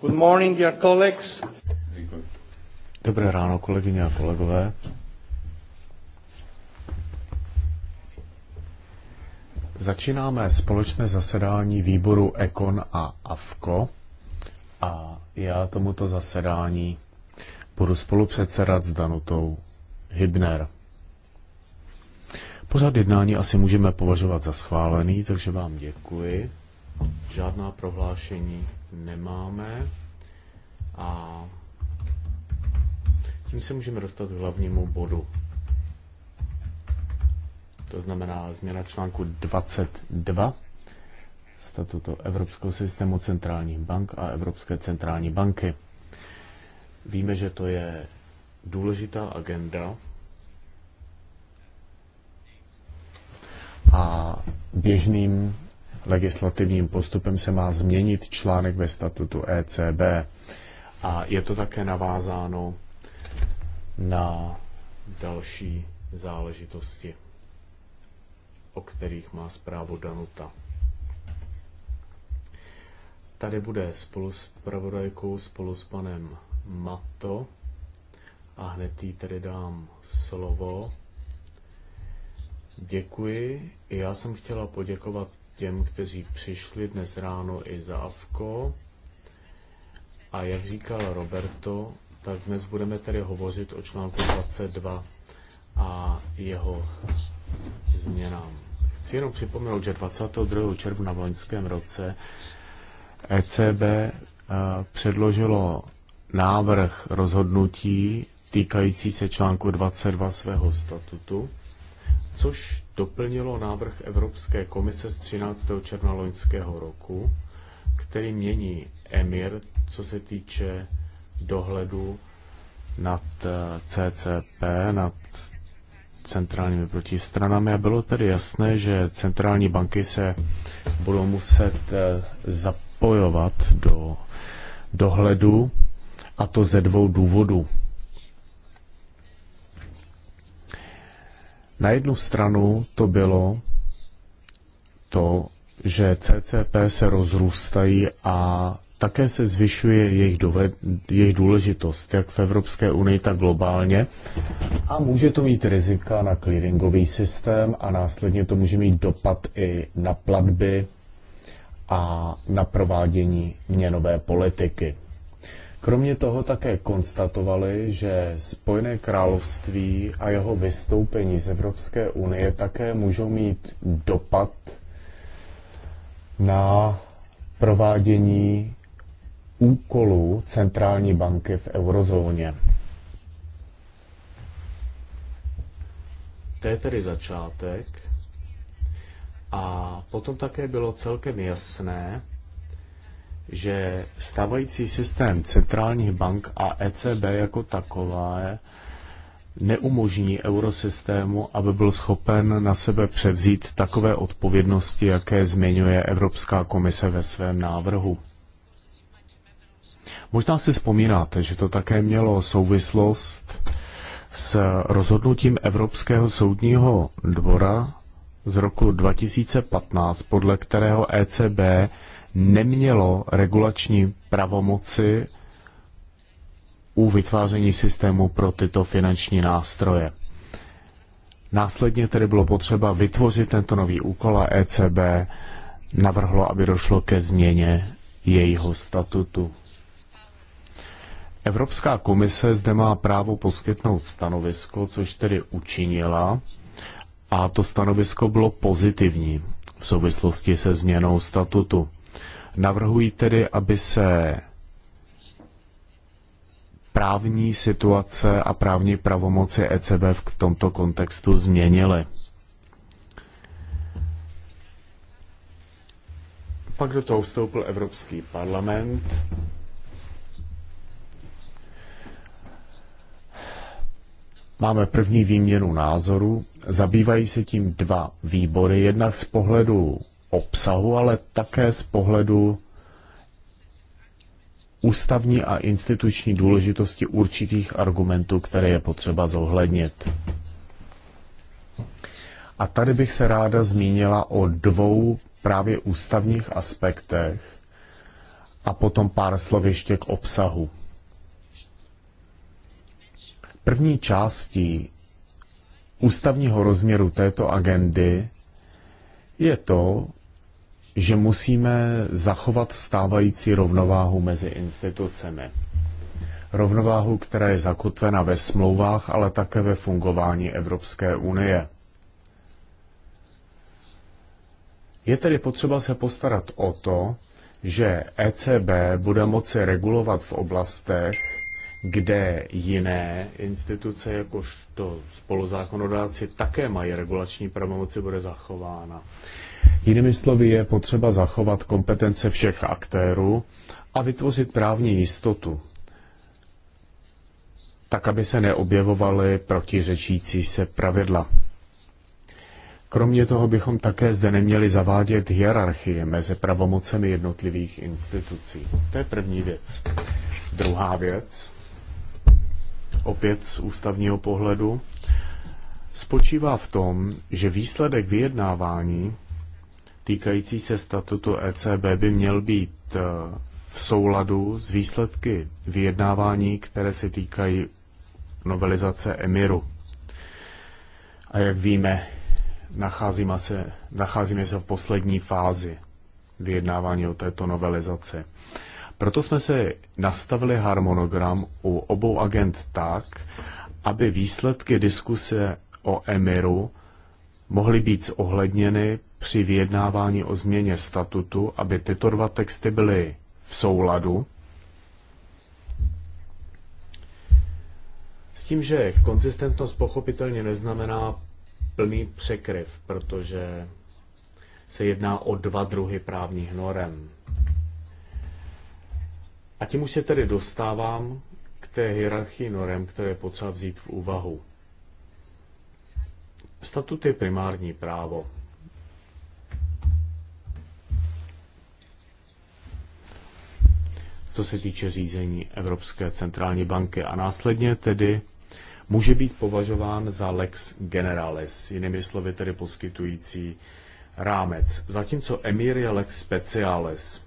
Good morning, dear colleagues. Dobré ráno, kolegyně a kolegové. Začínáme společné zasedání výboru Ekon a AFKO a já tomuto zasedání budu spolupředsedat s Danutou Hybner. Pořád jednání asi můžeme považovat za schválený, takže vám děkuji. Žádná prohlášení nemáme. A tím se můžeme dostat k hlavnímu bodu. To znamená změna článku 22 statutu Evropského systému centrálních bank a Evropské centrální banky. Víme, že to je důležitá agenda a běžným legislativním postupem se má změnit článek ve statutu ECB. A je to také navázáno na další záležitosti, o kterých má zprávu Danuta. Tady bude spolu s pravodajkou, spolu s panem Mato a hned jí tedy dám slovo. Děkuji. Já jsem chtěla poděkovat těm, kteří přišli dnes ráno i za AVKO. A jak říkal Roberto, tak dnes budeme tedy hovořit o článku 22 a jeho změnám. Chci jenom připomenout, že 22. června v loňském roce ECB eh, předložilo návrh rozhodnutí týkající se článku 22 svého statutu což doplnilo návrh Evropské komise z 13. června loňského roku, který mění EMIR, co se týče dohledu nad eh, CCP, nad centrálními protistranami a bylo tedy jasné, že centrální banky se budou muset eh, zapojovat do dohledu a to ze dvou důvodů. Na jednu stranu to bylo to, že CCP se rozrůstají a také se zvyšuje jejich, doved, jejich důležitost, jak v Evropské unii, tak globálně. A může to mít rizika na clearingový systém a následně to může mít dopad i na platby a na provádění měnové politiky. Kromě toho také konstatovali, že Spojené království a jeho vystoupení z Evropské unie také můžou mít dopad na provádění úkolů centrální banky v eurozóně. To je tedy začátek. A potom také bylo celkem jasné, že stávající systém centrálních bank a ECB jako takové neumožní eurosystému, aby byl schopen na sebe převzít takové odpovědnosti, jaké zmiňuje Evropská komise ve svém návrhu. Možná si vzpomínáte, že to také mělo souvislost s rozhodnutím Evropského soudního dvora z roku 2015, podle kterého ECB nemělo regulační pravomoci u vytváření systému pro tyto finanční nástroje. Následně tedy bylo potřeba vytvořit tento nový úkol a ECB navrhlo, aby došlo ke změně jejího statutu. Evropská komise zde má právo poskytnout stanovisko, což tedy učinila, a to stanovisko bylo pozitivní v souvislosti se změnou statutu. Navrhují tedy, aby se právní situace a právní pravomoci ECB v tomto kontextu změnily. Pak do toho vstoupil Evropský parlament. Máme první výměnu názorů. Zabývají se tím dva výbory. Jednak z pohledu obsahu, ale také z pohledu ústavní a instituční důležitosti určitých argumentů, které je potřeba zohlednit. A tady bych se ráda zmínila o dvou právě ústavních aspektech a potom pár slov ještě k obsahu. První částí ústavního rozměru této agendy je to, že musíme zachovat stávající rovnováhu mezi institucemi. Rovnováhu, která je zakotvena ve smlouvách, ale také ve fungování Evropské unie. Je tedy potřeba se postarat o to, že ECB bude moci regulovat v oblastech, kde jiné instituce, jakožto spoluzákonodáci, také mají regulační pravomoci, bude zachována. Jinými slovy je potřeba zachovat kompetence všech aktérů a vytvořit právní jistotu, tak aby se neobjevovaly protiřečící se pravidla. Kromě toho bychom také zde neměli zavádět hierarchie mezi pravomocemi jednotlivých institucí. To je první věc. Druhá věc opět z ústavního pohledu, spočívá v tom, že výsledek vyjednávání týkající se statutu ECB by měl být eh, v souladu s výsledky vyjednávání, které se týkají novelizace Emiru. A jak víme, nacházíme se, nacházíme se v poslední fázi vyjednávání o této novelizaci. Proto jsme si nastavili harmonogram u obou agent tak, aby výsledky diskuse o Emiru mohly být zohledněny při vyjednávání o změně statutu, aby tyto dva texty byly v souladu. S tím, že konzistentnost pochopitelně neznamená plný překryv, protože se jedná o dva druhy právních norem tím už se tedy dostávám k té hierarchii norem, které je potřeba vzít v úvahu. Statut je primární právo. co se týče řízení Evropské centrální banky a následně tedy může být považován za lex generalis, jinými slovy tedy poskytující rámec, zatímco emir je lex specialis.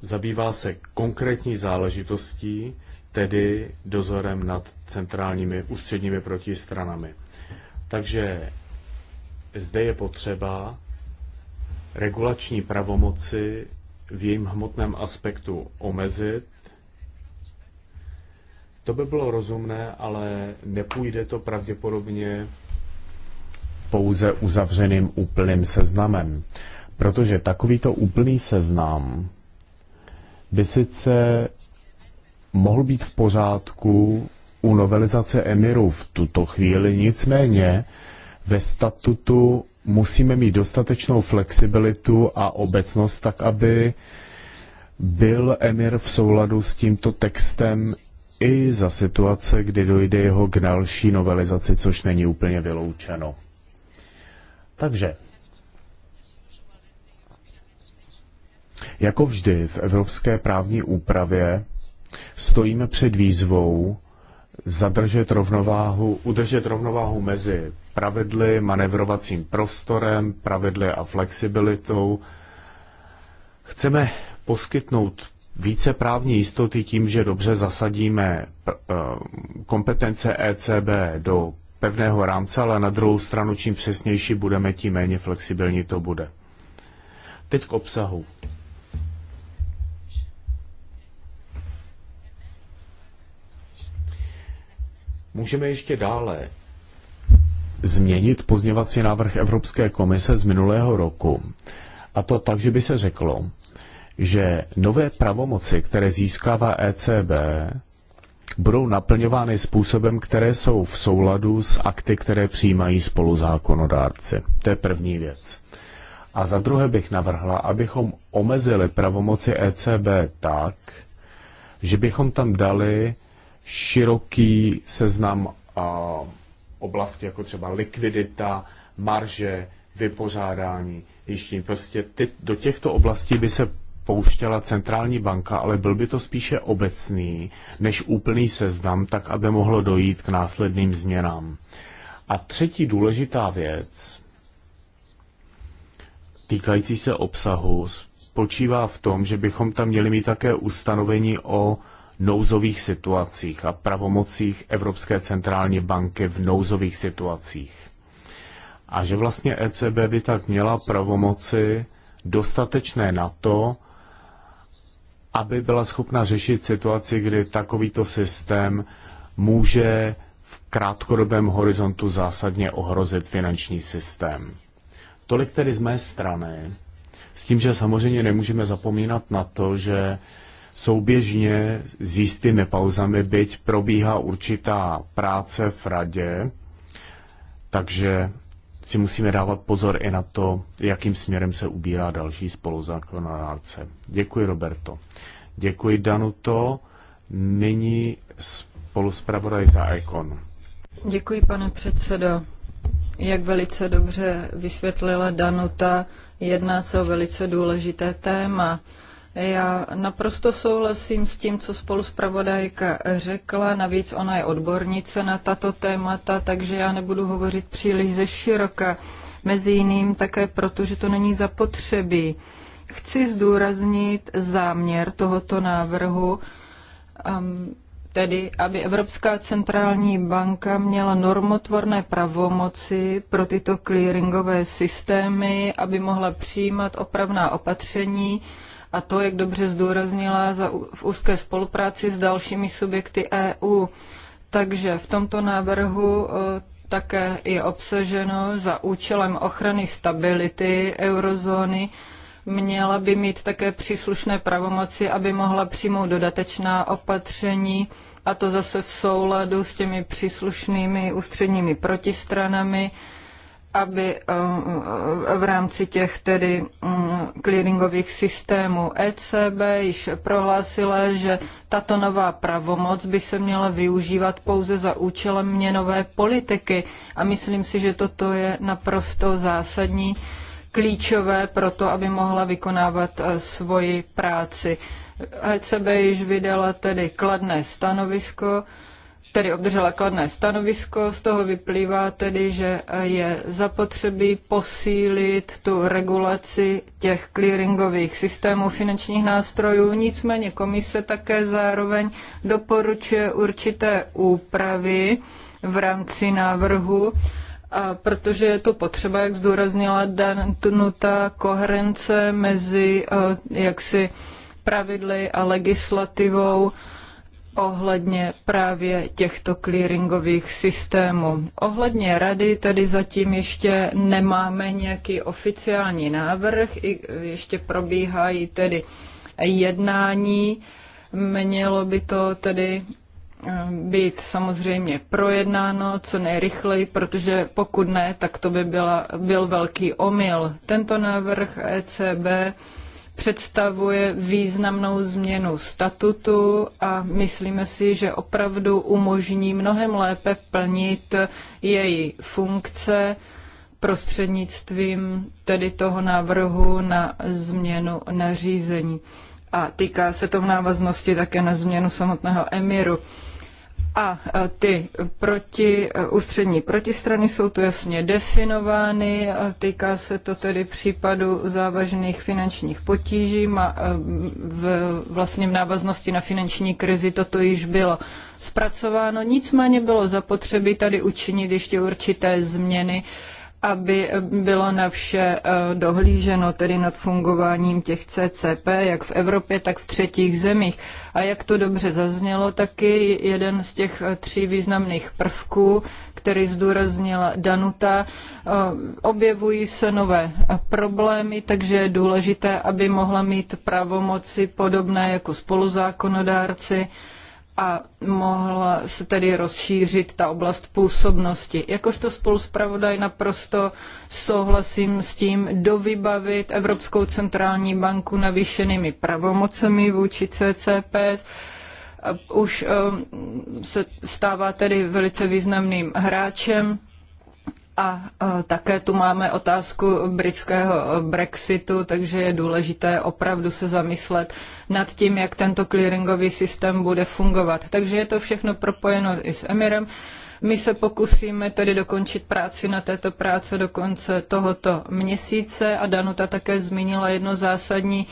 zabývá se konkrétní záležitostí, tedy dozorem nad centrálními ústředními protistranami. Takže zde je potřeba regulační pravomoci v jejím hmotném aspektu omezit. To by bylo rozumné, ale nepůjde to pravděpodobně pouze uzavřeným úplným seznamem, protože takovýto úplný seznam by sice mohl být v pořádku u novelizace Emiru v tuto chvíli, nicméně ve statutu musíme mít dostatečnou flexibilitu a obecnost tak, aby byl Emir v souladu s tímto textem i za situace, kdy dojde jeho k další novelizaci, což není úplně vyloučeno. Takže Jako vždy v evropské právní úpravě stojíme před výzvou zadržet rovnováhu, udržet rovnováhu mezi pravidly, manevrovacím prostorem, pravidly a flexibilitou. Chceme poskytnout více právní jistoty tím, že dobře zasadíme eh, kompetence ECB do pevného rámce, ale na druhou stranu, čím přesnější budeme, tím méně flexibilní to bude. Teď k obsahu. Můžeme ještě dále změnit pozněvací návrh Evropské komise z minulého roku. A to tak, že by se řeklo, že nové pravomoci, které získává ECB, budou naplňovány způsobem, které jsou v souladu s akty, které přijímají spoluzákonodárci. To je první věc. A za druhé bych navrhla, abychom omezili pravomoci ECB tak, že bychom tam dali široký seznam oblasti, jako třeba likvidita, marže, vypořádání, ještě Prostě ty, do těchto oblastí by se pouštěla centrální banka, ale byl by to spíše obecný než úplný seznam, tak aby mohlo dojít k následným změnám. A třetí důležitá věc, týkající se obsahu, spočívá v tom, že bychom tam měli mít také ustanovení o nouzových situacích a pravomocích Evropské centrální banky v nouzových situacích. A že vlastně ECB by tak měla pravomoci dostatečné na to, aby byla schopna řešit situaci, kdy takovýto systém může v krátkodobém horizontu zásadně ohrozit finanční systém. Tolik tedy z mé strany, s tím, že samozřejmě nemůžeme zapomínat na to, že Souběžně s jistými pauzami, byť probíhá určitá práce v radě, takže si musíme dávat pozor i na to, jakým směrem se ubírá další spoluzákonodárce. Děkuji, Roberto. Děkuji, Danuto. Nyní spoluspravodaj za Econ. Děkuji, pane předsedo. Jak velice dobře vysvětlila Danuta, jedná se o velice důležité téma. Já naprosto souhlasím s tím, co spoluspravodajka řekla, navíc ona je odbornice na tato témata, takže já nebudu hovořit příliš ze široka. Mezi jiným také proto, že to není zapotřebí. Chci zdůraznit záměr tohoto návrhu, um, tedy aby Evropská centrální banka měla normotvorné pravomoci pro tyto clearingové systémy, aby mohla přijímat opravná opatření, a to, jak dobře zdůraznila, za, v úzké spolupráci s dalšími subjekty EU. Takže v tomto návrhu e, také je obsaženo za účelem ochrany stability eurozóny, měla by mít také příslušné pravomoci, aby mohla přijmout dodatečná opatření, a to zase v souladu s těmi příslušnými ústředními protistranami, aby eh, eh, v rámci těch tedy mm, clearingových systémů ECB již prohlásila, že tato nová pravomoc by se měla využívat pouze za účelem měnové politiky. A myslím si, že toto je naprosto zásadní, klíčové pro to, aby mohla vykonávat eh, svoji práci. ECB již vydala tedy kladné stanovisko, tedy obdržela kladné stanovisko, z toho vyplývá tedy, že je zapotřebí posílit tu regulaci těch clearingových systémů finančních nástrojů. Nicméně komise také zároveň doporučuje určité úpravy v rámci návrhu, a protože je to potřeba, jak zdůraznila danutá koherence mezi eh, jaksi pravidly a legislativou, ohledně právě těchto clearingových systémů. Ohledně rady tady zatím ještě nemáme nějaký oficiální návrh, ještě probíhají tedy jednání. Mělo by to tedy eh, být samozřejmě projednáno co nejrychleji, protože pokud ne, tak to by byla, byl velký omyl. Tento návrh ECB představuje významnou změnu statutu a myslíme si, že opravdu umožní mnohem lépe plnit její funkce prostřednictvím tedy toho návrhu na změnu nařízení. A týká se to v návaznosti také na změnu samotného emiru. A e, ty proti, e, ústřední protistrany jsou tu jasně definovány, týká se to tedy případu závažných finančních potíží, a e, v, vlastně v návaznosti na finanční krizi toto již bylo zpracováno, nicméně bylo zapotřebí tady učinit ještě určité změny, aby bylo na vše eh, dohlíženo, tedy nad fungováním těch CCP, jak v Evropě, tak v třetích zemích. A jak to dobře zaznělo, taky jeden z těch eh, tří významných prvků, který zdůraznila Danuta, eh, objevují se nové problémy, takže je důležité, aby mohla mít pravomoci podobné jako spoluzákonodárci, a mohla se tedy rozšířit ta oblast působnosti. Jakožto spoluzpravodaj naprosto souhlasím s tím dovybavit Evropskou centrální banku navýšenými pravomocemi vůči CCPs, už eh, se stává tedy velice významným hráčem a také tu máme otázku britského Brexitu, takže je důležité opravdu se zamyslet nad tím, jak tento clearingový systém bude fungovat. Takže je to všechno propojeno i s Emirem. My se pokusíme tedy dokončit práci na této práce do konce tohoto měsíce a Danuta také zmínila jedno zásadní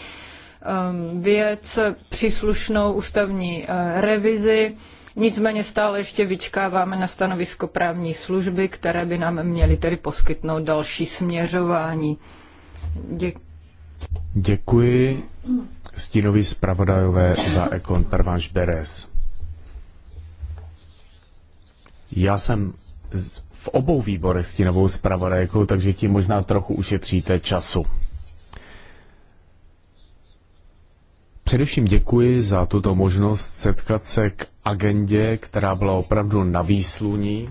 um, věc, příslušnou ústavní eh, revizi Nicméně stále ještě vyčkáváme na stanovisko právní služby, které by nám měly tedy poskytnout další směřování. Děkuji. Děkuji stínovi zpravodajové za Ekon Pervanš Beres. Já jsem v obou výborech stínovou zpravodajkou, takže ti možná trochu ušetříte času. Především děkuji za tuto možnost setkat se k agendě, která byla opravdu na výsluní.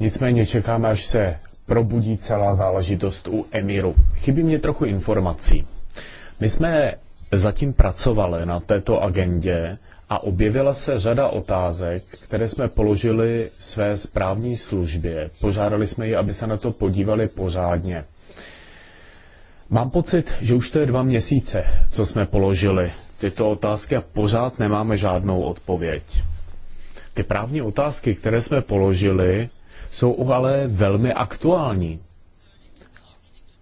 Nicméně čekáme, až se probudí celá záležitost u Emiru. Chybí mě trochu informací. My jsme zatím pracovali na této agendě a objevila se řada otázek, které jsme položili své správní službě. Požádali jsme ji, aby se na to podívali pořádně. Mám pocit, že už to je dva měsíce, co jsme položili tyto otázky a pořád nemáme žádnou odpověď. Ty právní otázky, které jsme položili, jsou ale velmi aktuální.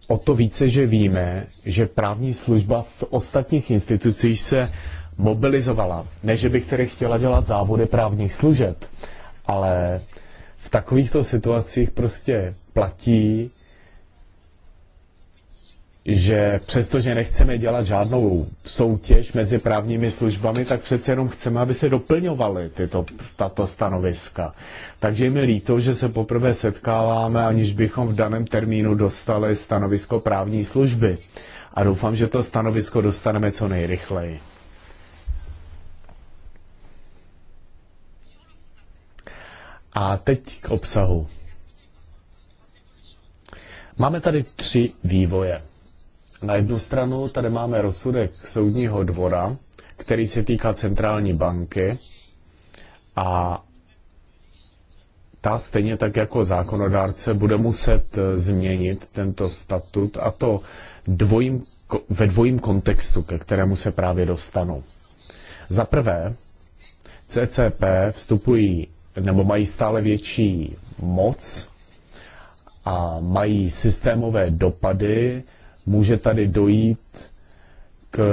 O to více, že víme, že právní služba v ostatních institucích se mobilizovala. Ne, že bych tedy chtěla dělat závody právních služeb, ale v takovýchto situacích prostě platí, že přestože nechceme dělat žádnou soutěž mezi právními službami, tak přece jenom chceme, aby se doplňovaly tyto, tato stanoviska. Takže je mi líto, že se poprvé setkáváme, aniž bychom v daném termínu dostali stanovisko právní služby. A doufám, že to stanovisko dostaneme co nejrychleji. A teď k obsahu. Máme tady tři vývoje. Na jednu stranu tady máme rozsudek soudního dvora, který se týká centrální banky a ta stejně tak jako zákonodárce bude muset eh, změnit tento statut a to dvojím, ve dvojím kontextu, ke kterému se právě dostanu. Za prvé, CCP vstupují nebo mají stále větší moc a mají systémové dopady Může tady dojít k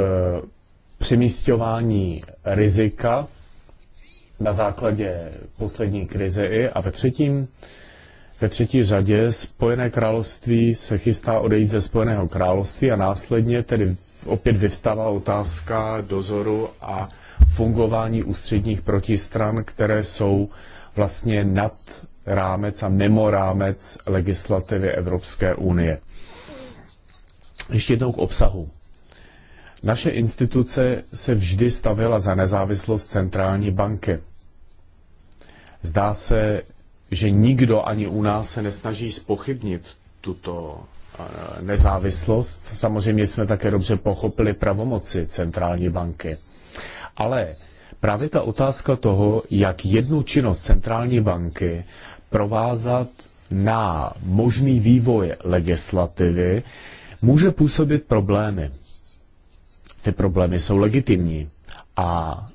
přemístování rizika na základě poslední krize i a ve třetím ve třetí řadě Spojené království se chystá odejít ze Spojeného království a následně tedy opět vyvstává otázka dozoru a fungování ústředních protistran, které jsou vlastně nad rámec a mimo rámec legislativy Evropské unie. Ještě jednou k obsahu. Naše instituce se vždy stavila za nezávislost centrální banky. Zdá se, že nikdo ani u nás se nesnaží spochybnit tuto eh, nezávislost. Samozřejmě jsme také dobře pochopili pravomoci centrální banky. Ale právě ta otázka toho, jak jednu činnost centrální banky provázat na možný vývoj legislativy, může působit problémy. Ty problémy jsou legitimní a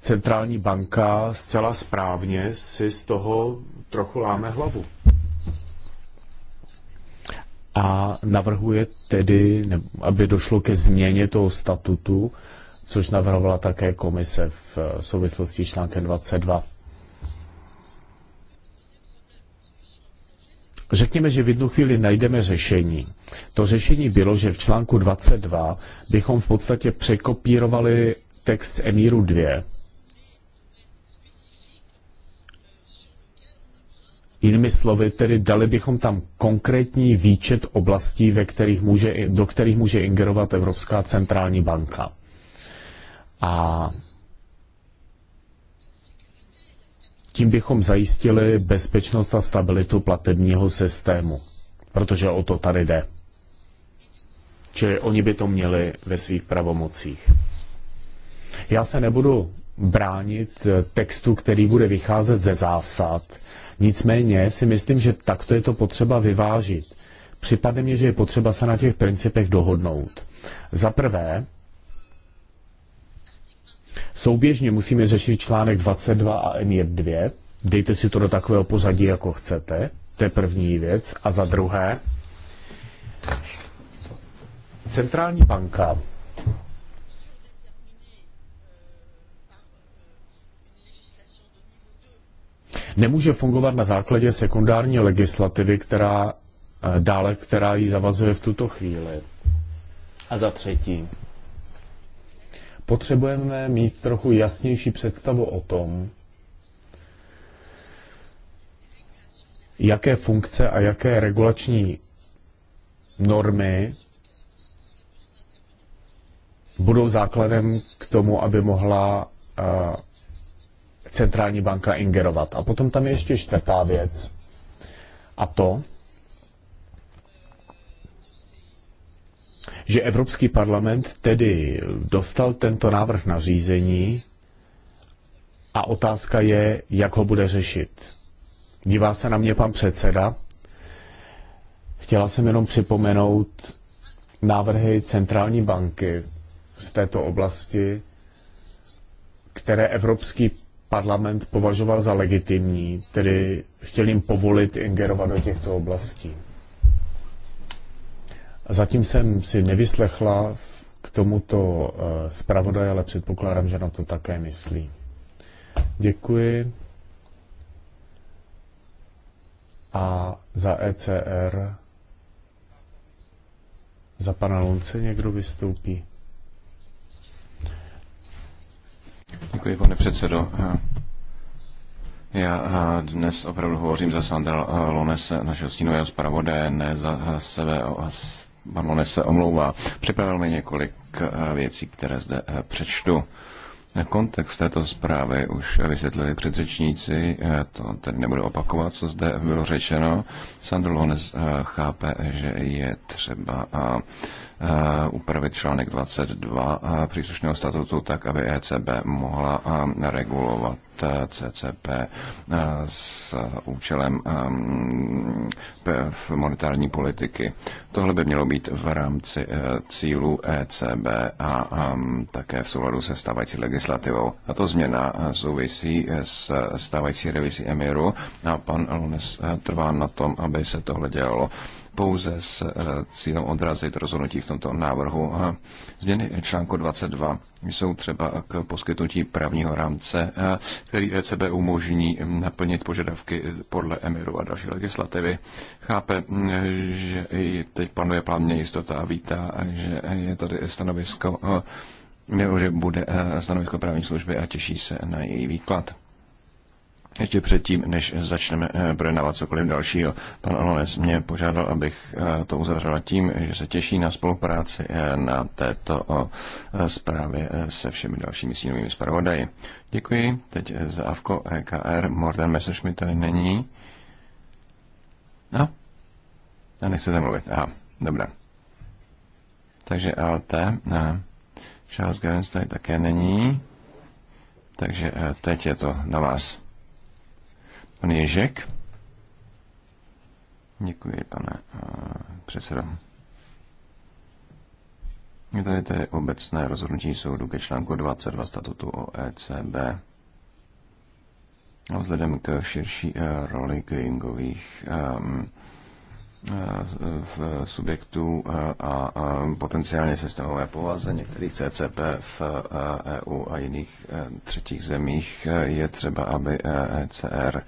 centrální banka zcela správně si z toho trochu láme hlavu. A navrhuje tedy, aby došlo ke změně toho statutu, což navrhovala také komise v souvislosti s článkem 22. Řekněme, že v jednu chvíli najdeme řešení. To řešení bylo, že v článku 22 bychom v podstatě překopírovali text z Emíru 2. Jinými slovy, tedy dali bychom tam konkrétní výčet oblastí, ve kterých může, do kterých může ingerovat Evropská centrální banka. A Tím bychom zajistili bezpečnost a stabilitu platebního systému, protože o to tady jde. Čili oni by to měli ve svých pravomocích. Já se nebudu bránit eh, textu, který bude vycházet ze zásad. Nicméně si myslím, že takto je to potřeba vyvážit. Připadne mě, že je potřeba se na těch principech dohodnout. Za prvé, Souběžně musíme řešit článek 22 a EMIR 2. Dejte si to do takového pořadí, jako chcete. To je první věc. A za druhé, centrální banka nemůže fungovat na základě sekundární legislativy, která eh, dále, která ji zavazuje v tuto chvíli. A za třetí, potřebujeme mít trochu jasnější představu o tom, jaké funkce a jaké regulační normy budou základem k tomu, aby mohla eh, centrální banka ingerovat. A potom tam je ještě čtvrtá věc. A to, že Evropský parlament tedy dostal tento návrh na řízení a otázka je, jak ho bude řešit. Dívá se na mě pan předseda. Chtěla jsem jenom připomenout návrhy centrální banky z této oblasti, které Evropský parlament považoval za legitimní, tedy chtěl jim povolit ingerovat do těchto oblastí. Zatím jsem si nevyslechla k tomuto eh, zpravodaj, ale předpokládám, že na to také myslí. Děkuji. A za ECR za pana Lunce někdo vystoupí. Děkuji, pane předsedo. Já eh, dnes opravdu hovořím za Sandra Lones, našeho stínového zpravodaje, ne za eh, sebe pan se omlouvá. Připravil mi několik eh, věcí, které zde eh, přečtu. Kontext této zprávy už vysvětlili předřečníci, eh, to tedy nebudu opakovat, co zde bylo řečeno. Sandro Lones chápe, že je třeba upravit článek 22 příslušného statutu tak, aby ECB mohla regulovat CCP eh, s eh, účelem eh, monetární politiky. Tohle by mělo být v rámci cílů ECB a také v souladu se stávající legislativou. A to změna souvisí s stávající revizí Emiru a pan Lunes trvá na tom, aby se tohle dělalo pouze s eh, cílem odrazit rozhodnutí v tomto návrhu. Změny článku 22 jsou třeba k poskytnutí právního rámce, eh, který ECB umožní naplnit požadavky podle Emiru a další legislativy. Chápe, eh, že i teď panuje plánně jistota a vítá, že je tady stanovisko nebo že bude stanovisko právní služby a těší se na její výklad. Ještě předtím, než začneme eh, projednávat cokoliv dalšího, pan Alones mě požádal, abych eh, to uzavřela tím, že se těší na spolupráci eh, na této zprávě se všemi dalšími sínovými zpravodaji. Děkuji. Teď za AVKO EKR. Morten Messerschmidt tady není. No? A nechcete mluvit. Aha, dobrá. Takže ALT. Ne. Charles Gavins tady také není. Takže teď je to na vás. Pan Ježek. Děkuji, pane eh, předsedo. Je tady tedy obecné rozhodnutí soudu ke článku 22 statutu o ECB. A vzhledem k širší eh, roli gamingových um, ehm, v subjektu eh, a potenciálně systémové povaze některých CCP v EU eh, e a jiných eh, třetích zemích je třeba, aby ECR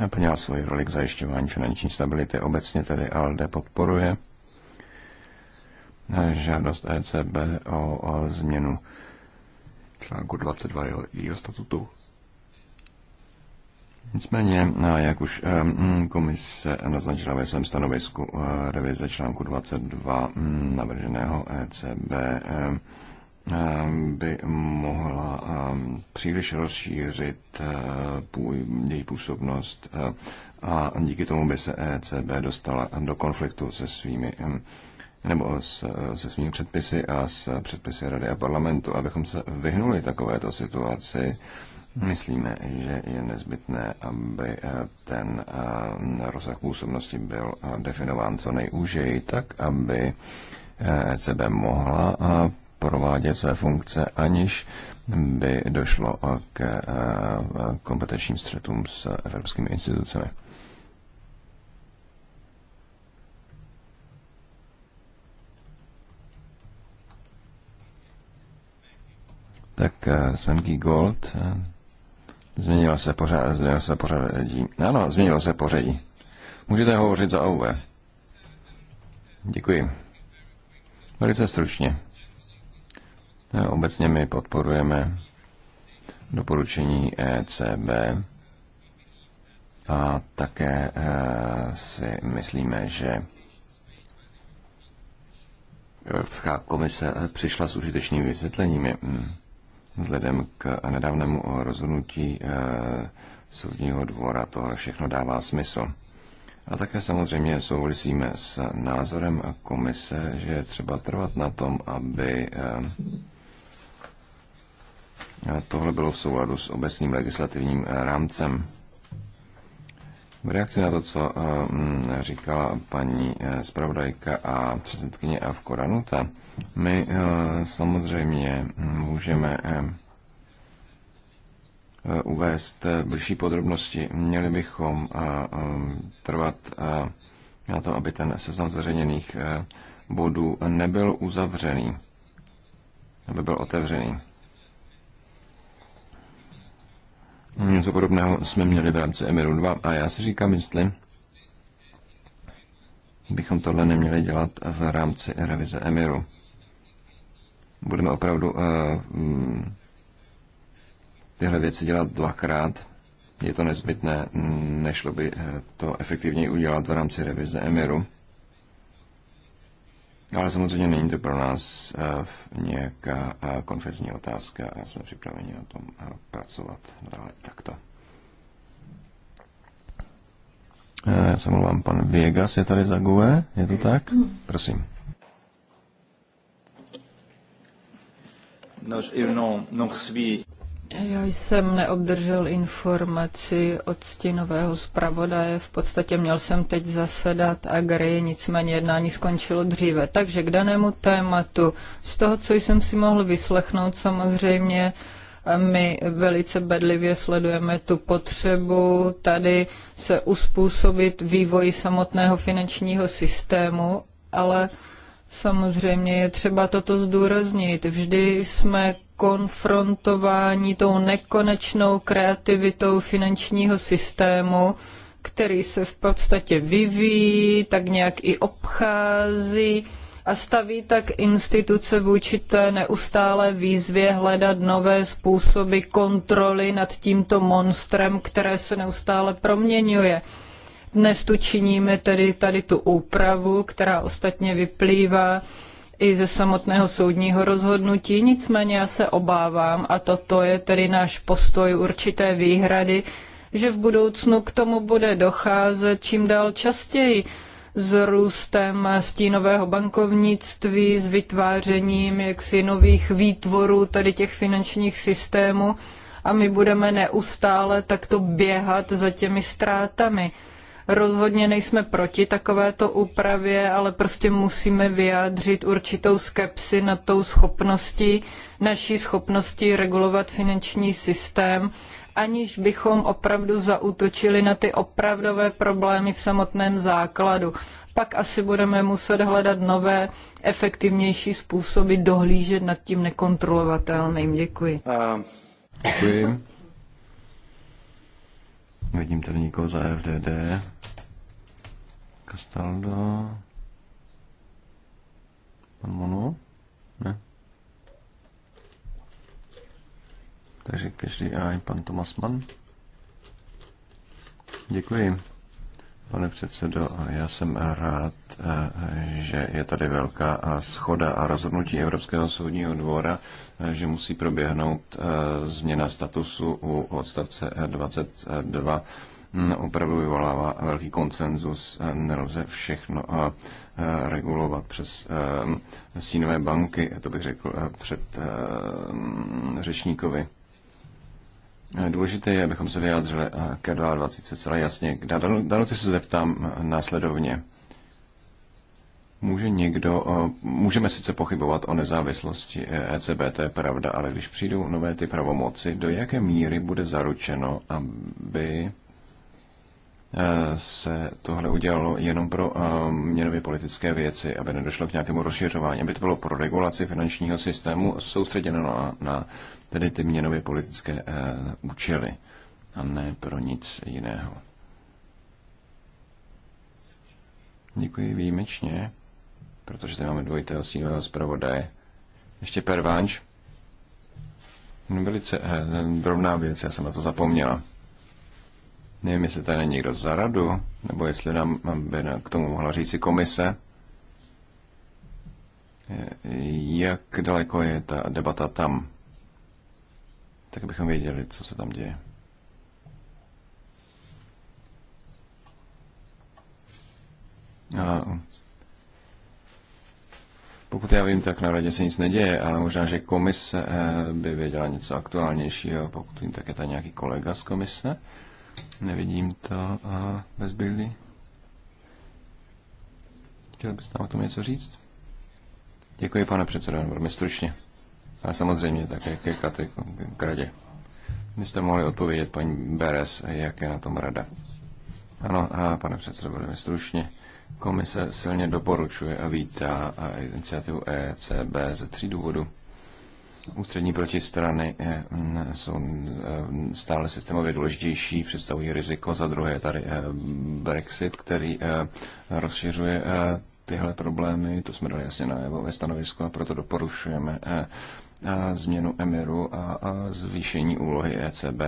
e plnila svoji roli k zajišťování finanční stability. Obecně tedy ALDE podporuje žádost ECB o změnu článku 22 jeho statutu. Nicméně, jak už komise naznačila ve svém stanovisku e, revize článku 22 mm, navrženého ECB, by mohla příliš rozšířit e, její působnost e, a díky tomu by se ECB dostala do konfliktu se svými nebo se svými předpisy a s předpisy Rady a parlamentu. Abychom se vyhnuli takovéto situaci, Myslíme, že je nezbytné, aby eh, ten eh, rozsah působnosti byl eh, definován co nejúžeji, tak aby ECB e mohla provádět své funkce, aniž by došlo k kompetenčním střetům s evropskými institucemi. Tak Sven Gold Změnilo se, pořád, změnilo se pořadí. Ano, změnilo se pořadí. Můžete hovořit za OV. Děkuji. Velice stručně. No, obecně my podporujeme doporučení ECB a také eh, si myslíme, že Evropská komise přišla s užitečnými vysvětleními. Hmm. Vzhledem k nedávnému rozhodnutí eh, soudního dvora tohle všechno dává smysl. A také samozřejmě souhlasíme s názorem komise, že je třeba trvat na tom, aby eh, tohle bylo v souladu s obecným legislativním eh, rámcem. V reakci na to, co říkala paní zpravodajka a předsedkyně Avkoranuta, Ranuta, my eh, samozřejmě můžeme eh, eh, uvést blížší podrobnosti. Měli bychom trvat na tom, aby ten seznam zveřejněných bodů nebyl uzavřený, aby byl otevřený. Něco podobného jsme měli v rámci Emiru 2 a já si říkám, jestli bychom tohle neměli dělat v rámci revize Emiru budeme opravdu eh, mm, tyhle věci dělat dvakrát, je to nezbytné, nešlo by eh, to efektivněji udělat v rámci revize Emiru. Ale samozřejmě není to pro nás eh, nějaká konfesní otázka a jsme připraveni na tom pracovat dále takto. Já se mluvám, pan Viegas je tady za GUE, je to tak? Prosím. Já jsem neobdržel informaci od stínového zpravodaje. V podstatě měl jsem teď zasedat agri, nicméně jednání skončilo dříve. Takže k danému tématu, z toho, co jsem si mohl vyslechnout, samozřejmě my velice bedlivě sledujeme tu potřebu tady se uspůsobit vývoji samotného finančního systému, ale Samozřejmě je třeba toto zdůraznit. Vždy jsme konfrontováni tou nekonečnou kreativitou finančního systému, který se v podstatě vyvíjí, tak nějak i obchází a staví tak instituce vůči té neustále výzvě hledat nové způsoby kontroly nad tímto monstrem, které se neustále proměňuje. Dnes tu činíme tedy tady tu úpravu, která ostatně vyplývá i ze samotného soudního rozhodnutí. Nicméně já se obávám, a toto je tedy náš postoj určité výhrady, že v budoucnu k tomu bude docházet čím dál častěji s růstem stínového bankovnictví, s vytvářením jaksi nových výtvorů tady těch finančních systémů a my budeme neustále takto běhat za těmi ztrátami. Rozhodně nejsme proti takovéto úpravě, ale prostě musíme vyjádřit určitou skepsi nad tou schopností, naší schopností regulovat finanční systém, aniž bychom opravdu zaútočili na ty opravdové problémy v samotném základu. Pak asi budeme muset hledat nové, efektivnější způsoby dohlížet nad tím nekontrolovatelným. Děkuji. Děkuji. Vidím tady někoho za FDD. Castaldo. Pan Monu, Ne? Takže každý a pan Tomasman. Děkuji pane předsedo. Já jsem rád, že je tady velká schoda a rozhodnutí Evropského soudního dvora, že musí proběhnout eh, změna statusu u odstavce 22 mm, opravdu vyvolává velký konsenzus. Nelze všechno eh, regulovat přes eh, stínové banky, to bych řekl před řečníkovi. Důležité je, abychom se vyjádřili eh, k 22 celé jasně. K ty se zeptám eh, následovně. Může někdo, eh, můžeme sice pochybovat o nezávislosti ECB, e to je pravda, ale když přijdou nové ty pravomoci, do jaké míry bude zaručeno, aby Eh, se tohle udělalo jenom pro eh, měnově politické věci, aby nedošlo k nějakému rozšiřování, aby to bylo pro regulaci finančního systému soustředěno na, na tedy ty měnově politické eh, účely a ne pro nic jiného. Děkuji výjimečně, protože tady máme dvojitého stínového zpravodaje. Ještě pervánč. Velice eh, drobná věc, já jsem na to zapomněla. Nevím, jestli tady není někdo za radu, nebo jestli nám by k tomu mohla říci komise. Jak daleko je ta debata tam? Tak bychom věděli, co se tam děje. A pokud já vím, tak na radě se nic neděje, ale možná, že komise eh, by věděla něco aktuálnějšího, pokud jim tak je tam nějaký kolega z komise. Nevidím to. a bez bydlí. Chtěl byste nám o tom něco říct? Děkuji, pane předsedo, velmi stručně. A samozřejmě také ke kradě. k Vy jste mohli odpovědět paní Beres, jak je na tom rada. Ano, a pane předsedo, velmi stručně. Komise silně doporučuje a vítá a iniciativu ECB ze tří důvodů. Ústřední protistrany eh, jsou eh, stále systémově důležitější, představují riziko. Za druhé tady eh, Brexit, který rozšiřuje tyhle problémy, to jsme dali jasně na ve stanovisko a proto doporučujeme změnu emiru a zvýšení úlohy ECB.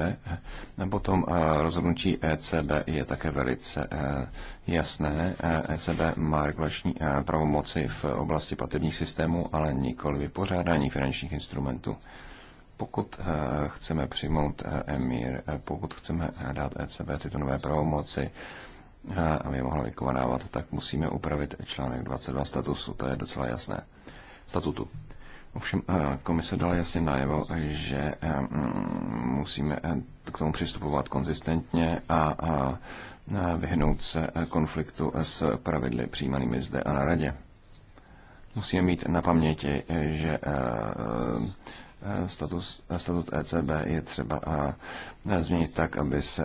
Potom rozhodnutí ECB je také velice e, jasné. ECB e má regulační e, pravomoci v oblasti platebních systémů, ale nikoli vypořádání finančních instrumentů. Pokud chceme přijmout emír, pokud chceme dát ECB tyto nové pravomoci, aby mohla vykonávat, tak musíme upravit článek 22 statusu, to je docela jasné. Statutu. Ovšem eh, komise dala jasně najevo, že eh, mm, musíme eh, k tomu přistupovat konzistentně a vyhnout se konfliktu s pravidly přijímanými zde a na radě. Musíme mít na paměti, že status, statut ECB je třeba změnit tak, aby se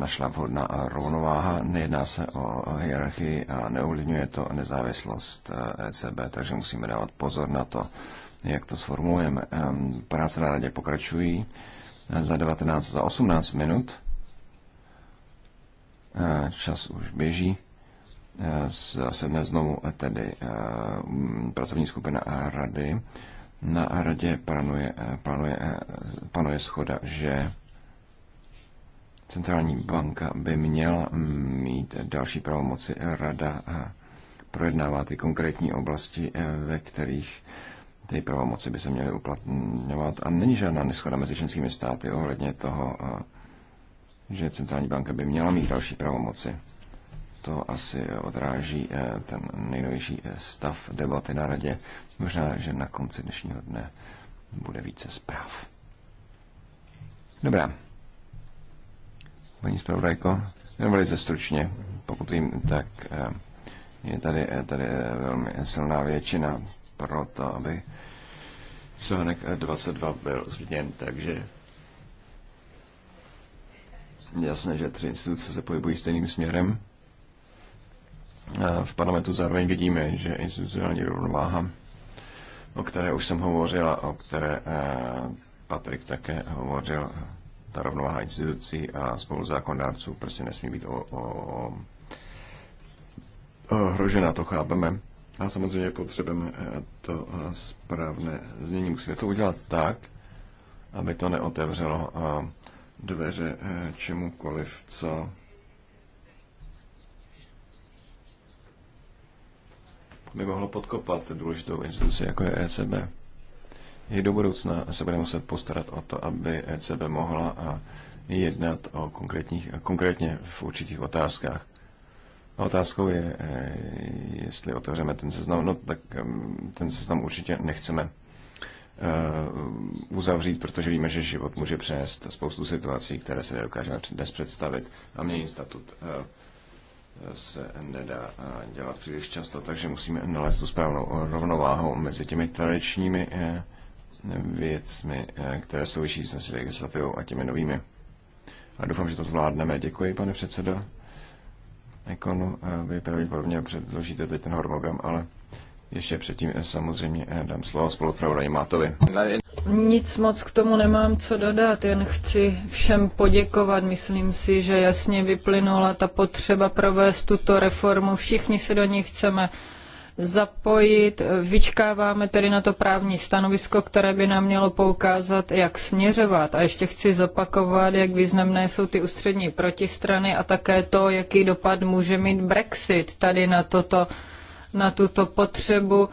našla vhodná rovnováha. Nejedná se o hierarchii a neovlivňuje to nezávislost ECB, e takže musíme dávat pozor na to, jak to sformulujeme. Práce na radě pokračují ehm, za 19, za 18 minut. Ehm, čas už běží. Zase ehm, dnes znovu tedy pracovní skupina rady. Na radě panuje, panuje, panuje schoda, že centrální banka by měla mm, mít další pravomoci. Rada projednává ty konkrétní oblasti, ve kterých ty pravomoci by se měly uplatňovat a není žádná neschoda mezi členskými státy ohledně toho, eh, že centrální banka by měla mít další pravomoci. To asi odráží eh, ten nejnovější eh, stav debaty na radě. Možná, že na konci dnešního dne bude více zpráv. Dobrá. Paní zpravodajko, jenom velice stručně, pokud jim tak je tady, tady velmi silná většina proto, aby článek 22 byl změněn, takže jasné, že tři instituce se pohybují stejným směrem. V parlamentu zároveň vidíme, že institucionální rovnováha, o které už jsem hovořil a o které eh, Patrik také hovořil, ta rovnováha institucí a spoluzákonodárců prostě nesmí být o, o, ohrožena, to chápeme. A samozřejmě potřebujeme eh, to eh, správné znění. Musíme to udělat tak, aby to neotevřelo eh, dveře čemukoliv, co by mohlo podkopat důležitou instituci, jako je ECB. I do budoucna se bude muset postarat o to, aby ECB mohla jednat o konkrétních, konkrétně v určitých otázkách otázkou je, eh, jestli otevřeme ten seznam, no tak ten seznam určitě nechceme eh, uzavřít, protože víme, že život může přinést spoustu situací, které se nedokážeme dnes představit. A mění statut eh, se nedá dělat příliš často, takže musíme nalézt tu správnou rovnováhu mezi těmi tradičními věcmi, které souvisí s legislativou a těmi novými. A doufám, že to zvládneme. Děkuji, pane předsedo. Ekonu. Eh, vy pravděpodobně předložíte teď ten harmonogram, ale ještě předtím eh, samozřejmě eh, dám slovo spolupravodaji Mátovi. Nic moc k tomu nemám co dodat, jen chci všem poděkovat. Myslím si, že jasně vyplynula ta potřeba provést tuto reformu. Všichni se do ní chceme zapojit. Vyčkáváme tedy na to právní stanovisko, které by nám mělo poukázat, jak směřovat. A ještě chci zopakovat, jak významné jsou ty ústřední protistrany a také to, jaký dopad může mít Brexit tady na, toto, na tuto potřebu.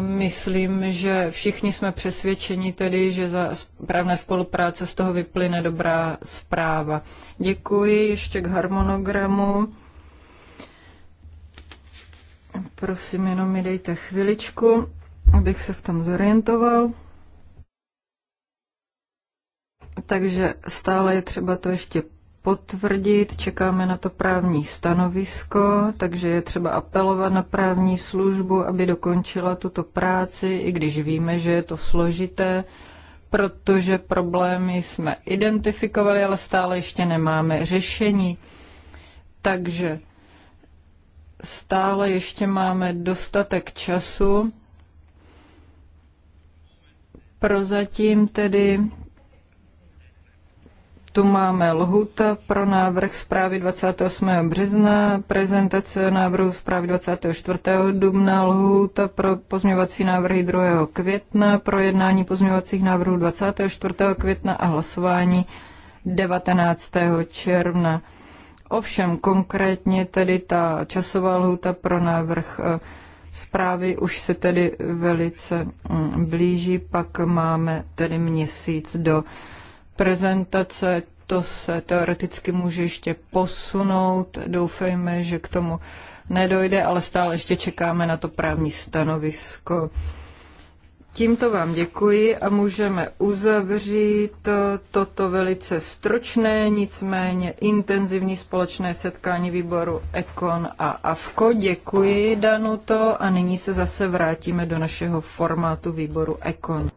Myslím, že všichni jsme přesvědčeni tedy, že za správné spolupráce z toho vyplyne dobrá zpráva. Děkuji ještě k harmonogramu. Prosím, jenom mi dejte chviličku, abych se v tom zorientoval. Takže stále je třeba to ještě potvrdit, čekáme na to právní stanovisko, takže je třeba apelovat na právní službu, aby dokončila tuto práci, i když víme, že je to složité, protože problémy jsme identifikovali, ale stále ještě nemáme řešení. Takže stále ještě máme dostatek času. Prozatím tedy tu máme lhuta pro návrh zprávy 28. března, prezentace návrhu zprávy 24. dubna, lhuta pro pozměvací návrhy 2. května, projednání pozměvacích návrhů 24. května a hlasování 19. června. Ovšem konkrétně tedy ta časová lhuta pro návrh eh, zprávy už se tedy velice mm, blíží, pak máme tedy měsíc do prezentace, to se teoreticky může ještě posunout, doufejme, že k tomu nedojde, ale stále ještě čekáme na to právní stanovisko. Tímto vám děkuji a můžeme uzavřít toto velice stročné, nicméně intenzivní společné setkání výboru Ekon a AFKO. Děkuji, Danuto, a nyní se zase vrátíme do našeho formátu výboru Ekon.